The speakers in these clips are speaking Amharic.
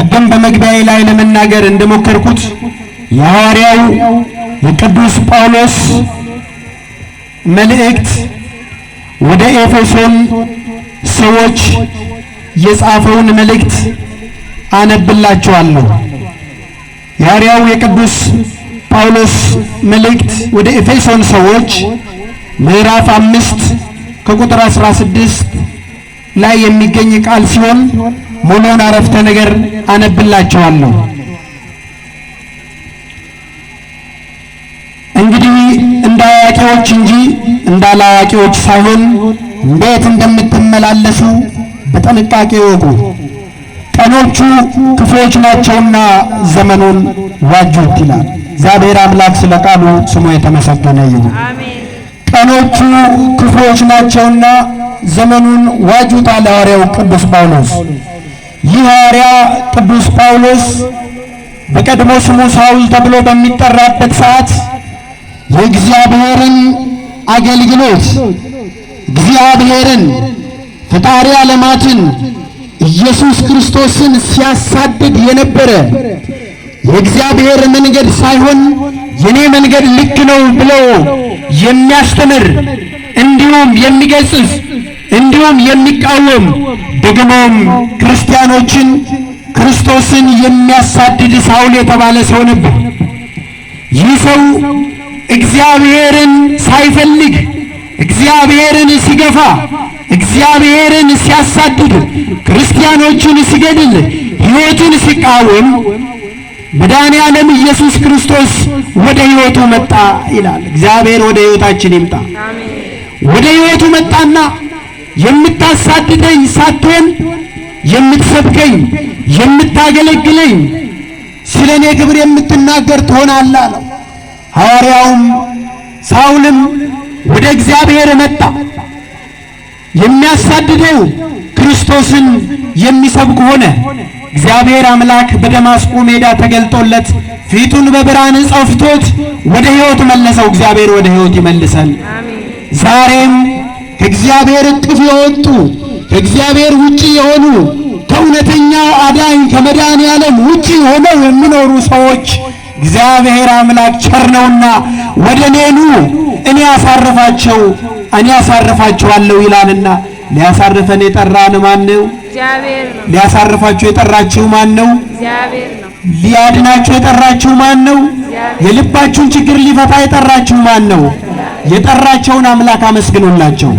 ቅድም በመግቢያዬ ላይ ለመናገር እንደሞከርኩት የሐዋርያው የቅዱስ ጳውሎስ መልእክት ወደ ኤፌሶን ሰዎች የጻፈውን መልእክት አነብላችኋለሁ። የሐዋርያው የቅዱስ ጳውሎስ መልእክት ወደ ኤፌሶን ሰዎች ምዕራፍ አምስት ከቁጥር 16 ላይ የሚገኝ ቃል ሲሆን ሙሉውን አረፍተ ነገር አነብላችኋለሁ። እንግዲህ እንደ አዋቂዎች እንጂ አላዋቂዎች ሳይሆን እንዴት እንደምትመላለሱ በጥንቃቄ ወቁ። ቀኖቹ ክፉዎች ናቸውና ዘመኑን ዋጁት ይላል እግዚአብሔር አምላክ። ስለ ቃሉ ስሙ የተመሰገነ ይሁን። ቀኖቹ ክፉዎች ናቸውና ዘመኑን ዋጁት አለ ሐዋርያው ቅዱስ ጳውሎስ። ይህ ሐዋርያ ቅዱስ ጳውሎስ በቀድሞ ስሙ ሳውል ተብሎ በሚጠራበት ሰዓት የእግዚአብሔርን አገልግሎት እግዚአብሔርን ፈጣሪ ዓለማትን ኢየሱስ ክርስቶስን ሲያሳድድ የነበረ የእግዚአብሔር መንገድ ሳይሆን የኔ መንገድ ልክ ነው ብለው የሚያስተምር እንዲሁም የሚገስጽ እንዲሁም የሚቃወም ደግሞም ክርስቲያኖችን ክርስቶስን የሚያሳድድ ሳውል የተባለ ሰው ነበር። ይህ ሰው እግዚአብሔርን ሳይፈልግ እግዚአብሔርን ሲገፋ እግዚአብሔርን ሲያሳድድ ክርስቲያኖቹን ሲገድል ሕይወቱን ሲቃወም መድኃኔ ዓለም ኢየሱስ ክርስቶስ ወደ ሕይወቱ መጣ ይላል። እግዚአብሔር ወደ ሕይወታችን ይምጣ። ወደ ሕይወቱ መጣና የምታሳድደኝ ሳትሆን የምትሰብከኝ የምታገለግለኝ ስለ እኔ ክብር የምትናገር ትሆናለህ አለው። ሐዋርያውም ሳውልም ወደ እግዚአብሔር መጣ። የሚያሳድደው ክርስቶስን የሚሰብክ ሆነ። እግዚአብሔር አምላክ በደማስቆ ሜዳ ተገልጦለት ፊቱን በብርሃን ጸፍቶት ወደ ሕይወት መለሰው። እግዚአብሔር ወደ ሕይወት ይመልሳል። ዛሬም ከእግዚአብሔር እቅፍ የወጡ ከእግዚአብሔር ውጪ የሆኑ ከእውነተኛው አዳኝ ከመድኃኔ ዓለም ውጪ ሆነው የሚኖሩ ሰዎች እግዚአብሔር አምላክ ቸር ነውና ወደ እኔ ኑ እኔ አሳርፋቸው እኔ አሳርፋቸዋለሁ ይላልና ሊያሳርፈን የጠራን ማን ነው? ሊያሳርፋቸው የጠራችሁ ማን ነው? ሊያድናችሁ የጠራችሁ ማን ነው? የልባችሁን ችግር ሊፈታ የጠራችሁ ማን ነው? የጠራቸውን አምላክ አመስግኑላቸው።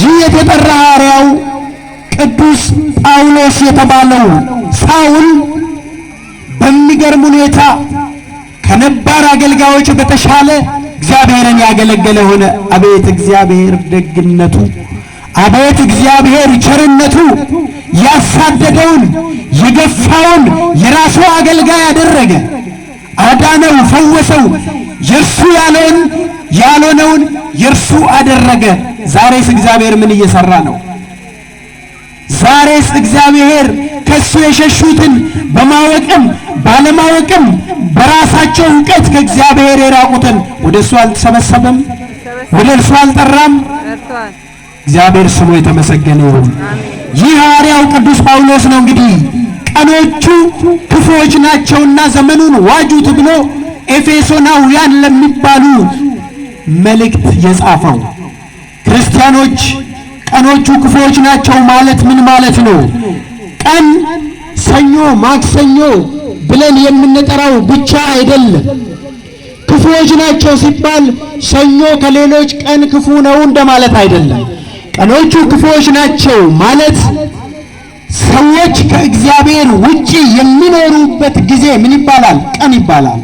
ይህ የተጠራ ሐዋርያው ቅዱስ ጳውሎስ የተባለው ሳውል በሚገርም ሁኔታ ከነባር አገልጋዮች በተሻለ እግዚአብሔርን ያገለገለ ሆነ። አቤት እግዚአብሔር ደግነቱ፣ አቤት እግዚአብሔር ቸርነቱ ያሳደደውን የገፋውን የራሱ አገልጋይ አደረገ። አዳነው፣ ፈወሰው። የእርሱ ያለውን ያልሆነውን የእርሱ አደረገ። ዛሬስ እግዚአብሔር ምን እየሰራ ነው? ዛሬስ እግዚአብሔር ከእሱ የሸሹትን በማወቅም ባለማወቅም በራሳቸው እውቀት ከእግዚአብሔር የራቁትን ወደ እሱ አልተሰበሰበም፣ ወደ እርሱ አልጠራም። እግዚአብሔር ስሙ የተመሰገነ ይሁን። ይህ ሐዋርያው ቅዱስ ጳውሎስ ነው እንግዲህ ቀኖቹ ክፉዎች ናቸውና ዘመኑን ዋጁት ብሎ ኤፌሶናውያን ለሚባሉ መልእክት የጻፈው ክርስቲያኖች ቀኖቹ ክፉዎች ናቸው ማለት ምን ማለት ነው? ቀን ሰኞ፣ ማክሰኞ ብለን የምንጠራው ብቻ አይደለም። ክፉዎች ናቸው ሲባል ሰኞ ከሌሎች ቀን ክፉ ነው እንደማለት አይደለም። ቀኖቹ ክፉዎች ናቸው ማለት ሰዎች ከእግዚአብሔር ውጪ የሚኖሩበት ጊዜ ምን ይባላል? ቀን ይባላል።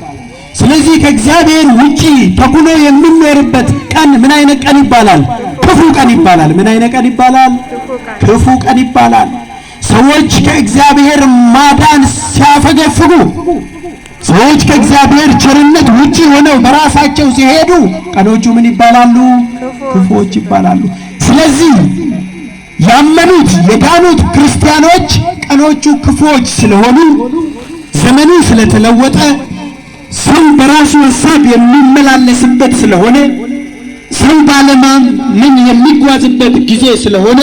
ስለዚህ ከእግዚአብሔር ውጪ ተኩሎ የሚኖርበት ቀን ምን አይነት ቀን ይባላል? ክፉ ቀን ይባላል። ምን አይነት ቀን ይባላል? ክፉ ቀን ይባላል። ሰዎች ከእግዚአብሔር ማዳን ሲያፈገፍጉ፣ ሰዎች ከእግዚአብሔር ቸርነት ውጪ ሆነው በራሳቸው ሲሄዱ ቀኖቹ ምን ይባላሉ? ክፉዎች ይባላሉ። ስለዚህ ያመኑት የዳኑት ክርስቲያኖች ቀኖቹ ክፉዎች ስለሆኑ ዘመኑ ስለተለወጠ ሰው በራሱ ሀሳብ የሚመላለስበት ስለሆነ ሰው ምን የሚጓዝበት ጊዜ ስለሆነ